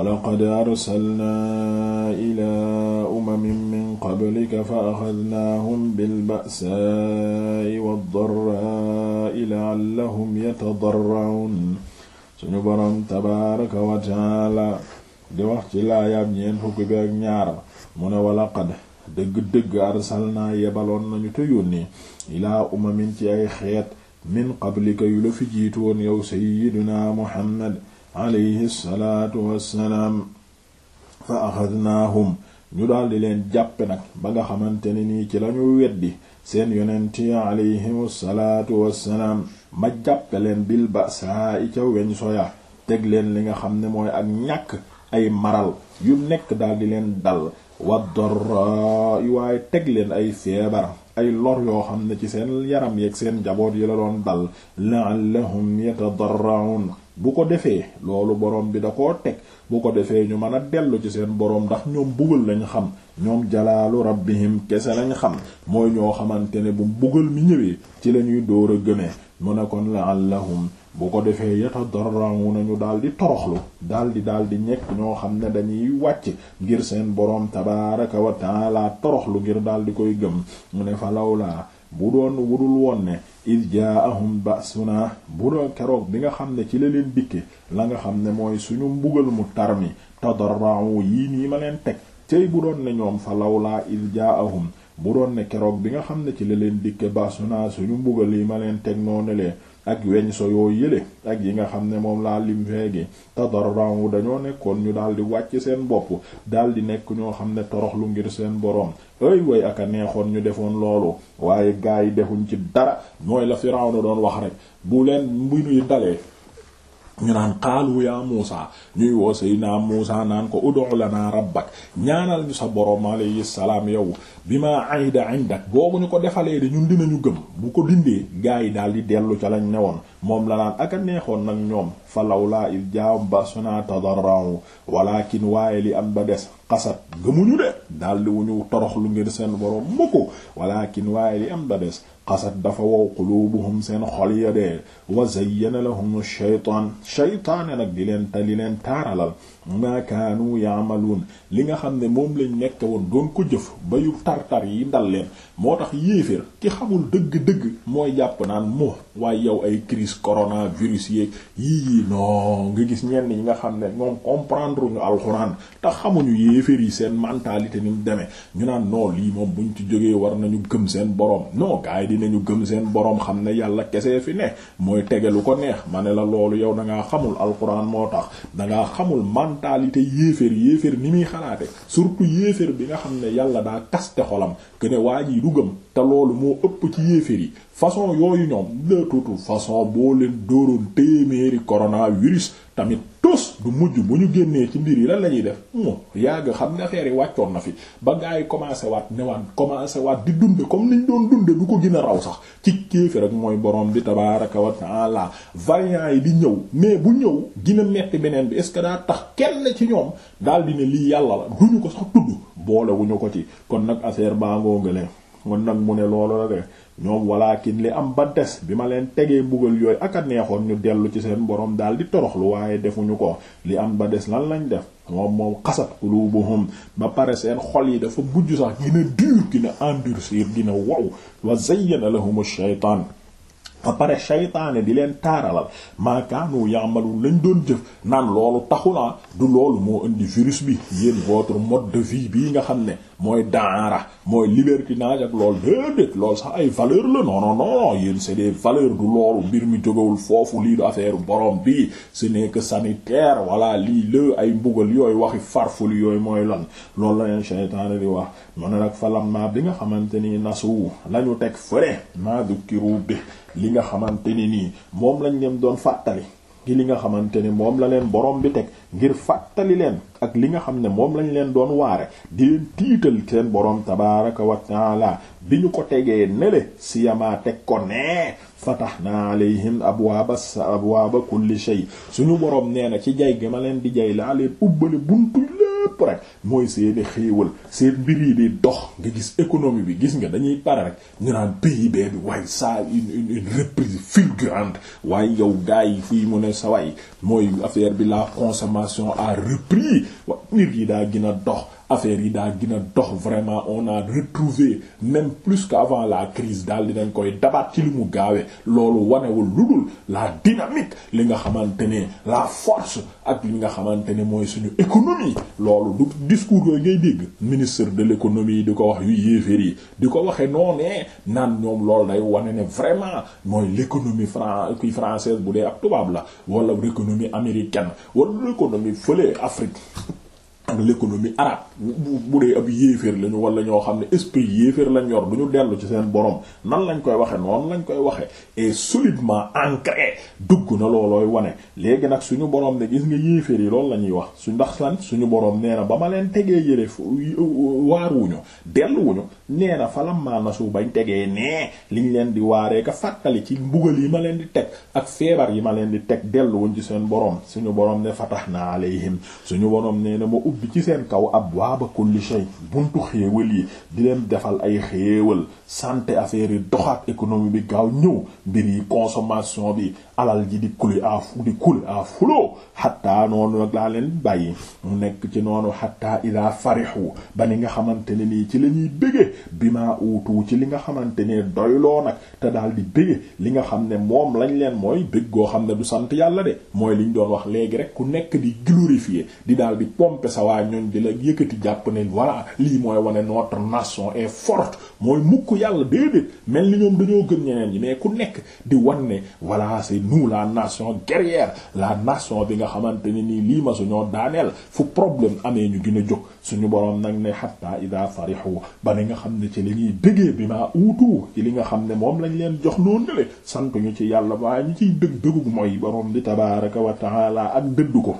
walaqad arsalnaa ilaa umamin min qablika fa axadnaahum bilba'saa'i waddarraa'i la'allahum yatadarra'uun suñu boroom tabaaraka wa ta'aala di wax ci laayaab ñeent fukki bi ak ñaar mu ne walaqad dëgg-dëgg arsalnaa yebaloon nañu te yónni ilaa umamin ci ay xeet min qablika yu la fi jiitu woon yow sayyidinaa Muhammad alayhi salaatu wassalaam ñu daldi leen jàppe nag ba nga xamante ne nii ci lañu weddi seen yonent yi alayhimu leen bil ba saa i ca weñ soya teg leen li nga xam ne mooy ak ñàkk ay maral yu nekk daldi leen dal wa waaye teg leen ay feebar ay lor yoo xam ne ci seen yaram yeeg seen njaboot yi la doon dal la'allahum yatadarra'un bu ko defee loolu borom bi da ko teg bu ko defee ñu mën a dellu ci seen borom ndax ñoom bugal lañ xam ñoom jalaalu rabbihim kese lañ xam mooy ñoo xamante ne bu bugal mi ñëwee ci la ñuy dóor a gënee mu ne kon la'allahum bu ko defee yatadarrawu nañu daal di toroxlu daal di daal di ñekk ñoo xam ne dañuy wàcc ngir seen borom tabaaraka wa taala toroxlu ngir daal di koy gëm mu ne fa lawlaa bu doon wudul woon ne iz jaahum ba'suna bu doon keroog bi nga xam ne ci la leen dikke la nga xam ne mooy suñu mbugal mu tar mi tadarra'u yii nii ma leen teg cey bu doon ne ñoom fa lawlaa iz jaahum bu doon ne keroog bi nga xam ne ci la leen dikke ba'suna ñu mbugal yi ma leen teg noonu lee ak weñ so yoo yële ak yi nga xam ne moom laa lim feegi tadarran dañoo nekkoon ñu daal di wàcc seen bopp daal di nekk ñoo xam ne lu ngir seen boroom ay ak a neexoon ñu defoon loolu waaye gaa yi defuñ ci dara mooy la Firawna doon wax rek bu leen mbir yi dalee ñu naan xaalu yaa Muusa ñuy woo Seydina Muusa naan ko ud'u lana rabbak ñaanal ñu sa borom alayhi salaam yow bi ma ahida indak boobu ñu ko defalee de ñun dinañu gëm bu ko dindee gars yi daal di dellu ca lañ newoon moom la naan ak a neexoon nag ñoom fa lawlaa il jaam basuna tadarra'u walakin waaye li am ba des xasat gëmuñu de daal di wuñu torox lu ngir seen borom mukk walakin waaye li am ba des xasat dafa wow qulubuhum seen xol ya dee wa zayyana lahum shaytaan shaytaane nag di leen ta li leen taaralal ma kaanu yaamaluun li nga xam ne moom lañu nekk woon doon ko jëf ba yu tartar yi dal leen moo tax yéeféer ki xamul dëgg-dëgg mooy jàpp naan moo waaye yow ay crise coronavirus yeeg yii yii non nga gis ñenn ñi nga xam ne moom comprendre ñu alxuraan te xamuñu yéeféer yi seen mentalité ni mu demee ñu naan non yi moom buñ ci jógee war nañu gëm seen borom non gars yi dinañu gëm seen boroom xam ne yàlla kese fi ne mooy tegelu ko neex ma ne la loolu yow da ngaa xamul alxuraan moo tax mentalité yéeféer yéeféer ni muy xalaate surtout yéeféer bi nga xam ne yàlla daa kaste xolam que ne waa ji du te loolu moo ëpp ci yéeféer yi façon yooyu ñoom de toute façon boo leen dóoroon téeméeri coronavirus tamit tus du mujj bu ñu génnee ci mbir yi lan la ñuy def mo yàgg xam ne affaire yi wàccoon na fi ba gars yi commencé waat newaan commencé waat di dunde comme niñ doon dunde du ko gën a raw sax ci kéefi rek mooy borom bi tabaraka wa taala variant yi di ñëw mais bu ñëw gën a metti beneen bi est-ce que daa tax kenn ci ñoom daal di ne lii yàlla la duñu ko sax tudd boole wuñu ko ci kon nag affaire baa ngoo ngale kon nag mu ne loolu la de ñoom walaakin li am ba des bi ma leen tegee mbugal yooyu ak a neexoon ñu dellu ci seen boroom daal di toroxlu waaye defuñu ko li am ba des lan lañ def moom moom xasat qulubuhum ba pare seen xol yi dafa bujj sax gina dur gina endurcir gina wow wa zayyana lahumu shaytaan ba pare shaytaane di leen taaralal maakaanu yaamalu lañ doon jëf naan loolu taxu naa du loolu moo indi virus bi yéen votre mode de vie bii nga xam ne mooy daara mooy libertinage ak loolu déedéet loolu sax ay valeur la non non non c'est des valeurs du loolu mbir mi jógawul foofu lii du affaire borom bi ce n'est que sanitaire voilà lii la ay mbugal yooyu waxi farful yooyu mooy lan loolu la leen seytaane di wax mu ne nag falam ma bi nga xamante ni nasu lañu teg fëre maa dukkiru bi li nga xamante ni nii moom lañ dem doon fàttali gi li nga xamante ni moom la leen borom bi teg ngir fàttali leen ak li nga xam ne moom lañ leen doon waare di leen tiital seen borom tabaraka wa taala bi ñu ko tegee nele si siyamaa teg ko nee fatahna alayhim abwaaba abwaaba kulli shay suñu borom nee na ci jay gi ma leen di jay laa leen ubbale buntu lépp rek mooy seeni xéewal seen mbir yi di dox nga gis économie bi gis nga dañuy pare rek ñu naan PIB bi waaye ça une une reprise fulgurante waaye yow gars yi fii mu ne sa mooy affaire bi la consommation a repris wa yi daa gën a dox affaire yi daa gën a dox vraiment on a retrouvé même plus avant la crise daal dinañ koy dabaat ci li mu gaawe loolu wanewul lu dul la dynamique li nga xamante ne la force ak li nga xamante ne mooy suñu économie loolu du discours yooyu ngay dégg ministre de l'économie yi di ko wax yu yéeféer yi di ko waxee noonee naan ñoom loolu day wane ne vraiment mooy l'économie fran kii française bu dee ab tubaab la wala l'économie américaine wala l'économie fële Afrique de l'économie arabe bu bu dee ab yéeféer lañu wala ñoo xam ne esprit yéeféer lañ yor du ñu dellu ci seen borom nan lañ koy waxe noonu lañ koy waxe et solidement ancré dugg na loolooy wane léegi nag suñu boroom ne gis nga yéeféer yi lool la ñuy wax su ndax lan suñu boroom nee na ba leen tegee yëre waaruñu delluwuñu nee na falam maanasu bañ tegee nee liñ leen di waaree ka fàttali ci mbugal yi ma leen di teg ak feebar yi ma leen di teg delluwuñ ci seen borom suñu borom ne fatax ma ubbi ci seen kaw ab waaba kulli shay buntu xéewal yi di leen defal ay xéewal santé affaire yi doxaat économie bi gaaw ñëw mbir yi consommation bi alal ji di kuli à fu di kul à fuloo xattaa noonu nag laa bàyyi mu nekk ci noonu xattaa ila farixu ba ni nga xamante ne nii ci lañuy ñuy bége bi maa uutu ci li nga xamante ne doyloo nag te daal di bége li nga xam ne moom lañ leen mooy bég goo xam ne du sant yàlla de mooy li ñu doon wax léegi rek ku nekk di glorifier waa ñoñ di la yëkkati jàpp ne waa lii mooy wane notre nation est forte mooy mukk yàlla déedéet mel ni ñoom dañoo gën ñeneen ñi mais ku nekk di wan ne voilà c'est nous la nation guerrière la nation bi nga xamante ne nii lii ma suñoo daaneel fu problème amee ñu gën a jóg suñu boroom nag ne hatta ida farihu ba ni nga xam ne ci li ñuy déggee bi ma uutu ci li nga xam ne moom lañ leen jox noonu la sant ñu ci yàlla waaye ñu ciy dëgg dëggu mooy boroom bi tabaaraka wa ta'ala ak dëddu ko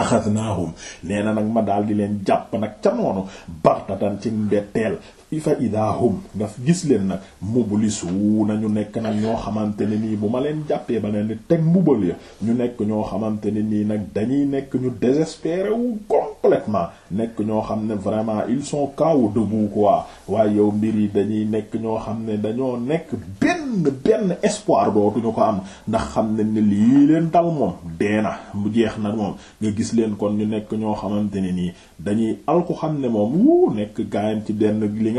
axadnaahum nee na nag ma daal di leen jàpp nag ca noonu baxtatan ci mbetteel fa idaa hum nga gis leen nag mublisu nañu nekk nag ñoo xamante ne nii bu ma leen jàppee ba leen teg mbubal ya ñu nekk ñoo xamante ne nii nag dañuy nekk ñu désespéré wu complètement nekk ñoo xam ne vraiment ils son KO debout quoi waaye yow mbir yi dañuy nekk ñoo xam ne dañoo nekk benn benn espoir dootuñu ko am ndax xam ne ne lii leen dal moom dee na mu jeex na moom nga gis leen kon ñu nekk ñoo xamante ne nii dañuy al ne moom wu nekk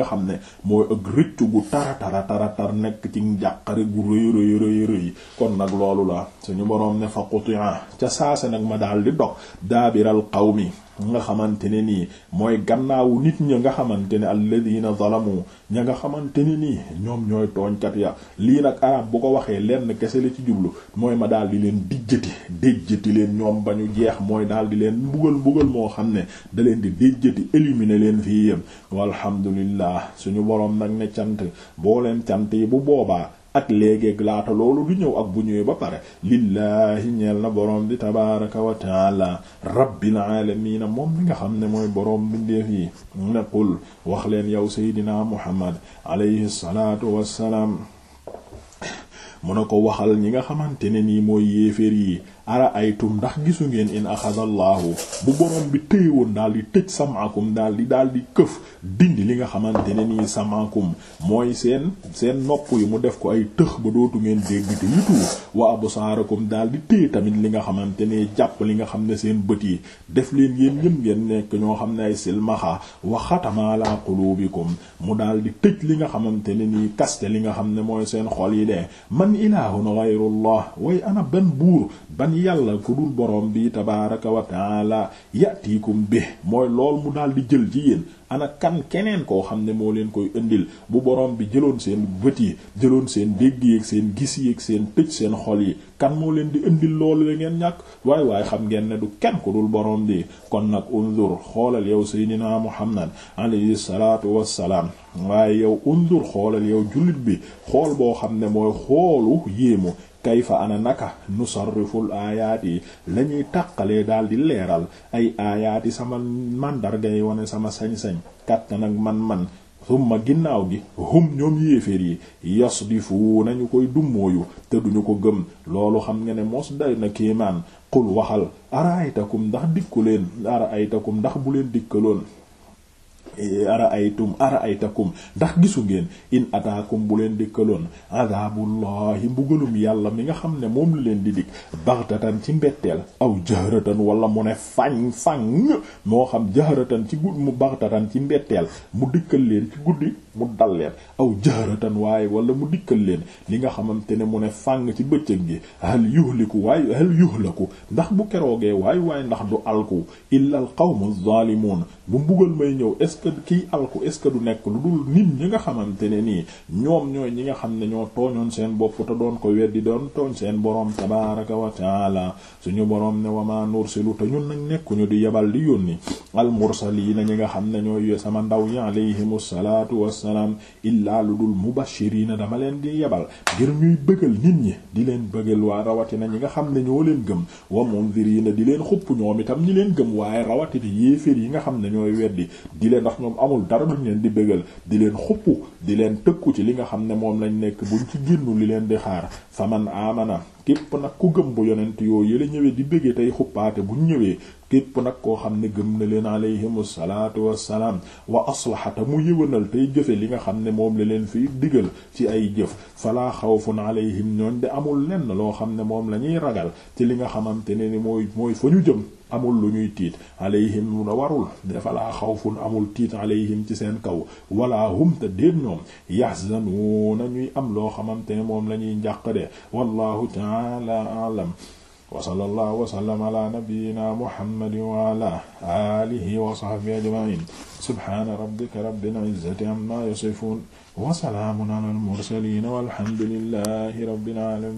nga xam ne mooy ëgg rëccu gu tara tara tara tar nekk ci njàqare gu rëy rëy rëy rëy kon nag loolu la suñu boroom ne fa quti'a ca saase nag ma daal di dog daabiral qawmi nga xamante ne nii mooy gannaawu nit ña nga xamante ne alladina zalamu ña nga xamante ne nii ñoom ñooy tooñkat ya lii nag arab bu ko waxee lenn kese la ci jublu mooy ma daal di leen dijjati déjjati leen ñoom ba ñu jeex mooy daal di leen mbugal mbugal moo xam ne da leen di déjjati éliminer leen fii yëm walhamdulillah suñu boroom nag ne cant boo leen cant yi bu boobaa ak léegi laata loolu du ñëw ak bu ñëwee ba pare lillaahi ñeel na boroom bi tabaraka wa taala rabbil aalamiina moom mi nga xam ne mooy boroom bindeef yi ne qul wax leen yow seydina muhammad alayhi salaatu wassalaam mu ne ko waxal ñi nga xamante ne nii mooy yéeféer yi ara aytum ndax gisu ngeen in axadallaahu bu borom bi téye woon daal di tëj samaakum daal di daal di këf dindi li nga xamante ne nii samaakum mooy seen seen nopp yi mu def ko ay tëx ba dootu ngeen dégg te yitu wa absaarakum daal di téye tamit li nga xamante ne jàpp li nga xam ne seen bët yi def leen yéen ñëm ngeen nekk ñoo xam ne ay silmaxa wa xatama ala mu daal di tëj li nga xamante ne nii kaste li nga xam ne mooy seen xol yi de man ilaahun ghayrullah way ana man yàlla ku borom bi tabaaraka wa taala yatiikum bi mooy lool mu daal di jël ci yéen ana kan keneen koo xam ne moo leen koy indil bu boroom bi jëloon seen bët yi jëloon seen dégg yi ak seen gis yi ak seen tëj seen xol yi kan moo leen di indil loolu la ngeen ñàkk waaye waaye xam ngeen ne du kenn ku dul borom bi kon nag unzur xoolal yow seydinaa muhammad alayhi salaatu wassalaam waaye yow unzur xoolal yow jullit bi xool boo xam ne mooy xoolu yéemu kayfa ana naka nusarriful aayaat yi lañuy ñuy tàqalee daal di leeral ay aayaat yi sama màndarga yi wane sama sañ kattan ak man-man summa ginnaaw gi hum ñoom yéeféer yi yas di fu nañu koy dummóoyu te duñu ko gëm loolu xam nga ne moos day na kéemaan qul waxal ara aytakum ndax dikku leen ara aytakum ndax bu leen dikkaloon Eh, ara aytum ara aytakum ndax gisu ngeen in ataakum bu leen dikkaloon adabullahi mbugalum yàlla mi nga xam ne moom la leen di dikk baxtatan ci mbetteel aw jahratan wala mu ne fañ fañ moo xam jahratan ci gud mu baxtatan ci mbetteel mu dikkal leen ci guddi mu dal leen aw jahratan waaye wala mu dikkal leen li nga xamante ne mu ne fàng ci bëccëg gi hal yuhliku waaye hal yuhlaku ndax bu keroogee waaye waaye ndax du alku illa al qawmu zalimun bu mbugal may ñëw est ce que kiy alku est ce que du nekk lu dul nit ñi nga xamante ne nii ñoom ñooy ñi nga xam ne ñoo tooñoon seen bopp te doon ko di doon tooñ seen boroom tabaraka wa taala suñu boroom ne wama nursilu te ñun nag nekkuñu di yebal di yónni al mursaliina ñi nga xam ne ñooy ndaw wasalaam illaa lu dul mubashiriina dama leen di yebal ngir ñuy bëggal nit ñi di leen bëggal waa rawatina ñi nga xam ne ñoo leen gëm wa munziriina di leen xupp ñoom itam ñi leen gëm waaye rawatina yéeféer yi nga xam ne ñooy weddi di leen ndax ñoom amul dara duñ leen di bëggal di leen xupp di leen tëkku ci li nga xam ne moom lañ nekk buñ ci génnu li leen di xaar faman amana képp nag ku gëm bu yonent yoo yële ñëwee di bëggee tey xuppaate bu ñëwee képp nag koo xam ne gëm na leen alayhimu salaatu wassalaam wa aslaxata mu yëwanal tey jëfe li nga xam ne moom la leen fiy digal ci ay jëf falaa xawfun alayhim ñooñ de amul lenn loo xam ne moom la ñuy ragal ci li nga xamante ne ni mooy mooy fa ñu jëm amul lu ñuy tiit alayhim na warul dafa laa xawfun amul tiit alayhim ci seen kaw wala hum te déet ñoom yahzanuuna ñuy am loo xamante ne moom la ñuy njàq de wallahu ta'ala a'lam wa sallallahu wa sallam ala nabiyyina muhammadin wa ala alihi wa sahbihi ajma'in subhana rabbika rabbil izzati amma yasifun wa salamun ala al mursalin walhamdulillahi rabbil alamin